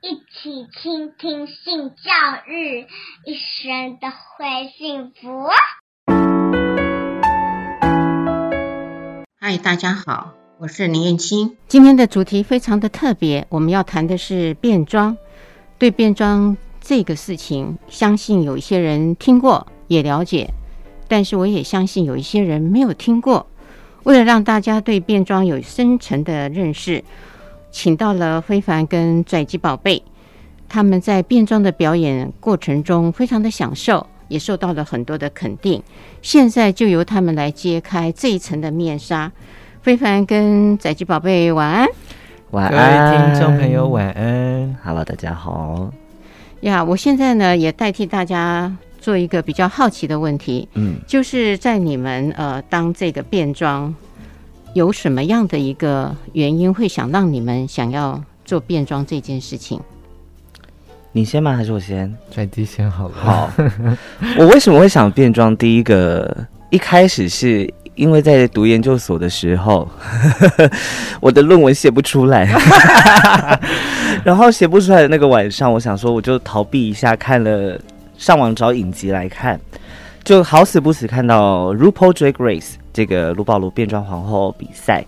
一起傾聽性教育，一生都會幸福啊。嗨，大家好，我是林燕青。今天的主題非常的特別，我們要談的是變裝。對變裝這個事情，相信有一些人聽過也了解，但是我也相信有一些人沒有聽過。為了讓大家對變裝有深層的認識。請到了飛帆跟跩姬寶貝，他們在變裝的表演過程中非常的享受，也受到了很多的肯定。現在就由他們來揭開這一層的面紗。飛帆跟跩姬寶貝，晚安，晚安，聽眾朋友，晚安。哈嘍，大家好呀！Yeah, 我現在呢也代替大家做一個比較好奇的問題，嗯，就是在你們呃當這個變裝。有什麼樣的一個原因會想讓你們想要做變裝這件事情？你先嗎？還是我先？最低先好了。好， 我為什麼會想變裝？第一個，一開始是因為在讀研究所的時候， 我的論文寫不出來， 然後寫不出來的那個晚上，我想說我就逃避一下，看了上網找影集來看。就好死不死看到 RuPaul Drag Race 這個魯保羅變裝皇后比賽，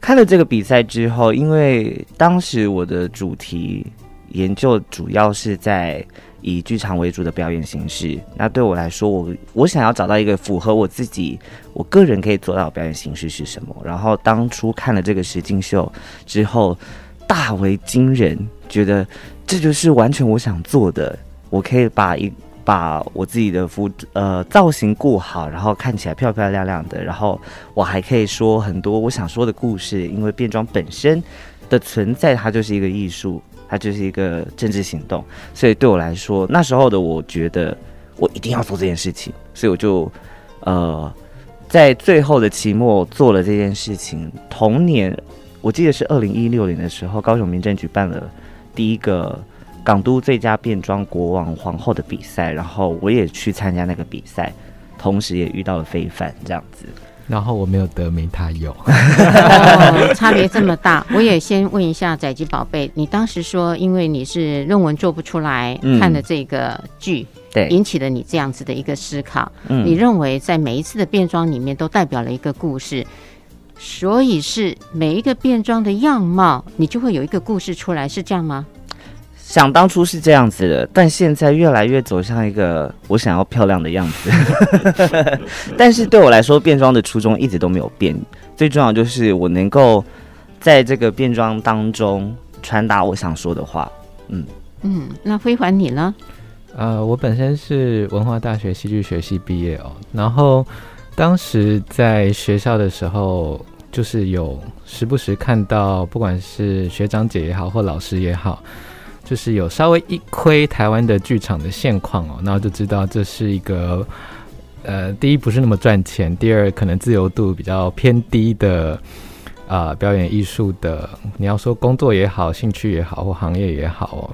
看了這個比賽之後，因為當時我的主題研究主要是在以劇場為主的表演形式，那對我來說，我我想要找到一個符合我自己，我個人可以做到的表演形式是什麼。然後當初看了這個實境秀之後，大為驚人，覺得這就是完全我想做的，我可以把一。把我自己的服呃造型顧好，然後看起來漂漂亮亮的，然後我還可以說很多我想說的故事。因為變裝本身的存在，它就是一個藝術，它就是一個政治行動。所以對我來說，那時候的我覺得我一定要做這件事情，所以我就呃在最後的期末做了這件事情。同年，我記得是二零一六年的時候，高雄民政局辦了第一個。港都最佳變裝國王皇後的比賽，然後我也去參加那個比賽，同時也遇到了飛帆這樣子。然後我沒有得名，他有 哦，差別這麼大。我也先問一下跩姬 寶貝，你當時說，因為你是論文做不出來、嗯、看了這個劇，對，引起了你這樣子的一個思考。嗯、你認為在每一次的變裝裡面都代表了一個故事，所以是每一個變裝的樣貌，你就會有一個故事出來，是這樣嗎？想當初是這樣子的，但現在越來越走向一個我想要漂亮的樣子。 但是對我來說，變裝的初衷一直都沒有變。最重要就是我能夠在這個變裝當中傳達我想說的話。嗯嗯，那輝還你呢？呃，我本身是文化大學戲劇學系畢業哦，然後當時在學校的時候，就是有時不時看到，不管是學長姐也好，或老師也好。就是有稍微一窺台灣的劇場的現況哦，然後就知道這是一個，呃，第一不是那麼賺錢，第二可能自由度比較偏低的啊、呃、表演藝術的。你要說工作也好，興趣也好，或行業也好哦。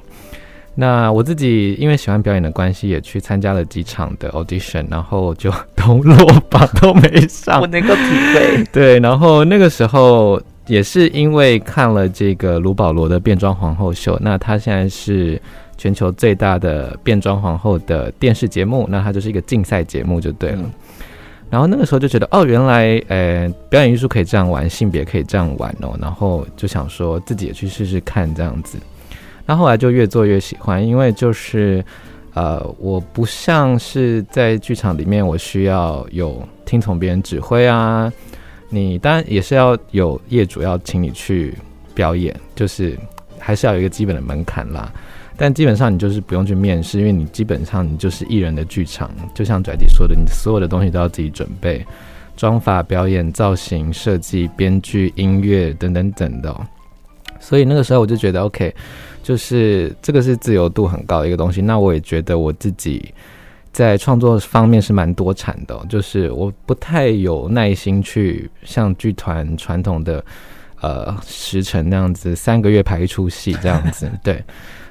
那我自己因為喜歡表演的關係，也去參加了幾場的 audition，然後就都落榜，都沒上。我能夠體會。對，然後那個時候。也是因為看了這個盧保羅的變裝皇后秀，那他現在是全球最大的變裝皇後的電視節目，那它就是一個競賽節目就對了。嗯、然後那個時候就覺得，哦，原來呃表演藝術可以這樣玩，性別可以這樣玩哦。然後就想說自己也去試試看這樣子。那後，後來就越做越喜歡，因為就是呃，我不像是在劇場裡面，我需要有聽從別人指揮啊。你當然也是要有業主要請你去表演，就是還是要有一個基本的門檻啦。但基本上你就是不用去面試，因為你基本上你就是藝人的劇場，就像跩姬說的，你所有的東西都要自己準備，妝髮、表演、造型設計、編劇、音樂等等等的，哦。所以那個時候我就覺得，OK，就是這個是自由度很高的一個東西。那我也覺得我自己，在創作方面是蠻多產的、哦,就是我不太有耐心去像劇團傳統的呃時程那樣子三個月排一出戲這樣子， 對，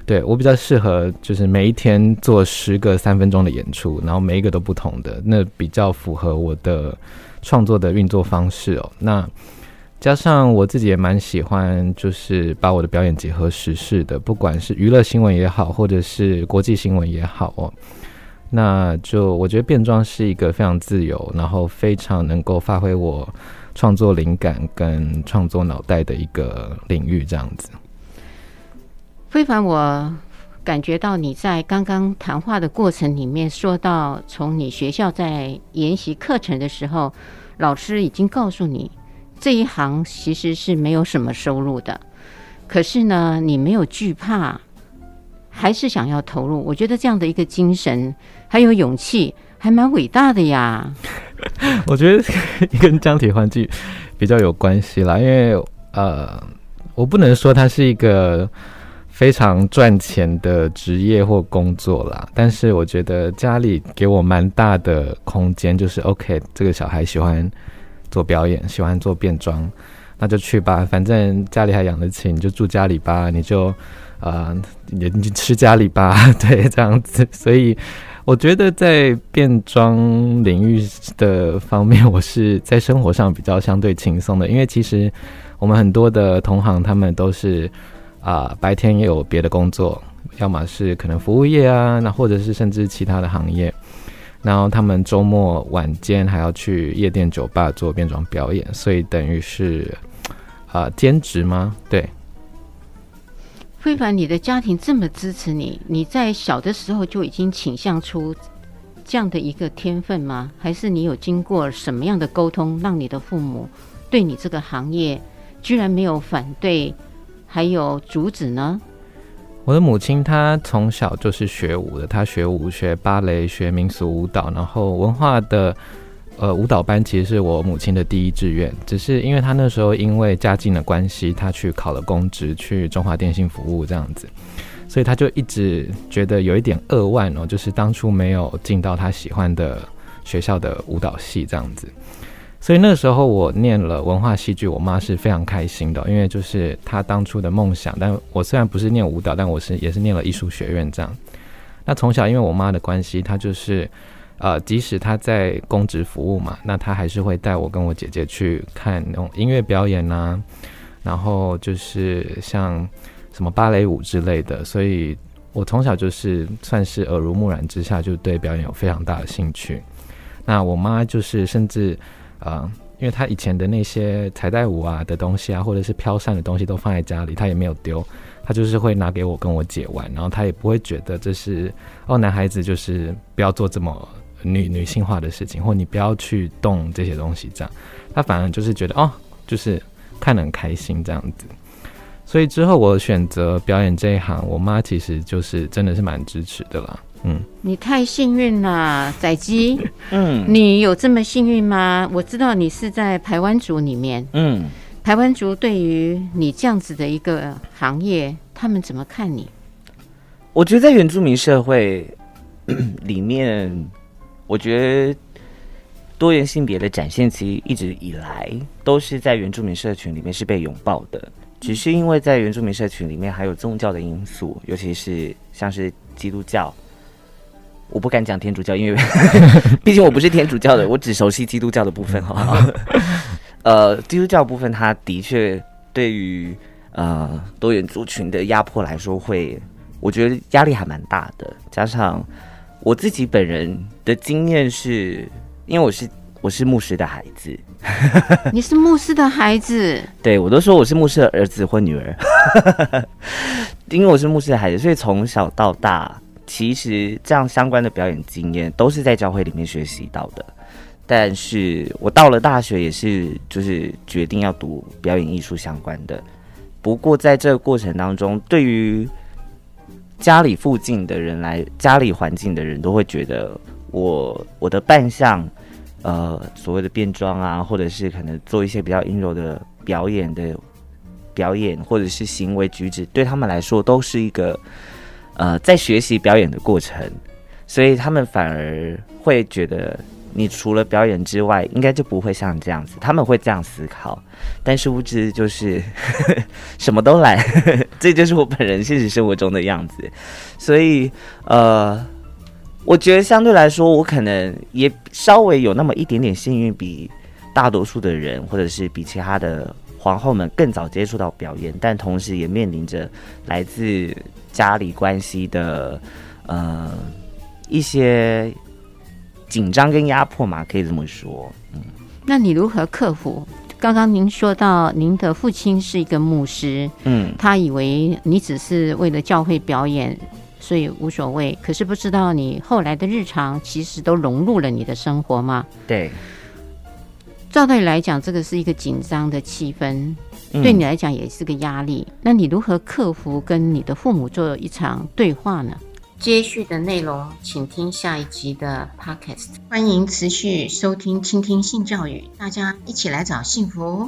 對我比較適合就是每一天做十個三分鐘的演出，然後每一個都不同的，那比較符合我的創作的運作方式哦。那加上我自己也蠻喜歡，就是把我的表演結合時事的，不管是娛樂新聞也好，或者是國際新聞也好哦。那就我覺得變裝是一個非常自由，然後非常能夠發揮我創作靈感跟創作腦袋的一個領域，這樣子。飛帆，我感覺到你在剛剛談話的過程裡面說到，從你學校在研習課程的時候，老師已經告訴你這一行其實是沒有什麼收入的，可是呢，你沒有懼怕。還是想要投入，我覺得這樣的一個精神還有勇氣，還蠻偉大的呀。 我覺得跟家庭環境比較有關係啦，因為呃，我不能說他是一個非常賺錢的職業或工作啦，但是我覺得家裡給我蠻大的空間，就是 OK，這個小孩喜歡做表演，喜歡做變裝，那就去吧，反正家裡還養得起，你就住家裡吧，你就。啊、呃，你吃家裡吧，對，這樣子。所以，我覺得在變裝領域的方面，我是在生活上比較相對輕鬆的，因為其實我們很多的同行，他們都是啊、呃，白天也有別的工作，要麼是可能服務業啊，那或者是甚至其他的行業，然後他們周末晚間還要去夜店酒吧做變裝表演，所以等於是啊、呃，兼職嗎？對。飛帆，你的家庭這麼支持你，你在小的時候就已經傾向出這樣的一個天分嗎？還是你有經過什麼樣的溝通，讓你的父母對你這個行業居然沒有反對，還有阻止呢？我的母親她從小就是學舞的，她學舞學芭蕾，學民俗舞蹈，然後文化的。呃，舞蹈班其實是我母親的第一志願，只是因為她那時候因為家境的關係，她去考了公職，去中華電信服務這樣子，所以她就一直覺得有一點扼腕哦，就是當初沒有進到她喜歡的學校的舞蹈系這樣子。所以那時候我念了文化戲劇，我媽是非常開心的哦，因為就是她當初的夢想。但我雖然不是念舞蹈，但我是也是念了藝術學院這樣。那從小因為我媽的關係，她就是。呃，即使他在公職服務嘛，那他還是會帶我跟我姐姐去看那種音樂表演啊，然後就是像什麼芭蕾舞之類的，所以我從小就是算是耳濡目染之下，就對表演有非常大的興趣。那我媽就是甚至呃，因為她以前的那些彩帶舞啊的東西啊，或者是飄散的東西都放在家裡，她也沒有丟，她就是會拿給我跟我姐玩，然後她也不會覺得這是哦，男孩子就是不要做這麼。女女性化的事情，或你不要去動這些東西，這樣，他反而就是覺得哦，就是看得很開心這樣子。所以之後我選擇表演這一行，我媽其實就是真的是蠻支持的啦。嗯，你太幸運了，跩姬。 嗯，你有這麼幸運嗎？我知道你是在排灣族裡面。嗯，排灣族對於你這樣子的一個行業，他們怎麼看你？我覺得在原住民社會裡面。 裡面我覺得多元性別的展現其實一直以來都是在原住民社群裡面是被擁抱的，只是因為在原住民社群裡面還有宗教的因素，尤其是像是基督教，我不敢講天主教，因為畢 竟我不是天主教的，我只熟悉基督教的部分哈。呃，基督教部分，它的確對於呃多元族群的壓迫來說會，會我覺得壓力還蠻大的，加上。我自己本人的經驗是，因為我是我是牧師的孩子， 你是牧師的孩子，對，我都說我是牧師的兒子或女兒， 因為我是牧師的孩子，所以從小到大，其實這樣相關的表演經驗都是在教會裡面學習到的。但是我到了大學，也是就是決定要讀表演藝術相關的。不過在這個過程當中，對於家裡附近的人來，家裡環境的人都會覺得我我的扮相，呃，所謂的變裝啊，或者是可能做一些比較陰柔的表演的表演，或者是行為舉止，對他們來說都是一個呃，在學習表演的過程，所以他們反而會覺得。你除了表演之外，應該就不會像這樣子，他們會這樣思考。但是物質就是呵呵什麼都來，這就是我本人現實生活中的樣子。所以，呃，我覺得相對來說，我可能也稍微有那麼一點點幸運，比大多數的人，或者是比其他的皇後們更早接觸到表演，但同時也面臨着來自家裡關係的，呃，一些。緊張跟壓迫嘛，可以這麼說。嗯，那你如何克服？剛剛您說到，您的父親是一個牧師，嗯，他以為你只是為了教會表演，所以無所謂。可是不知道你後來的日常，其實都融入了你的生活嗎？對。照道理來講，這個是一個緊張的氣氛，嗯、對你來講也是個壓力。那你如何克服跟你的父母做一場對話呢？接續的內容，請聽下一集的 podcast。歡迎持續收聽、傾聽性教育，大家一起來找幸福。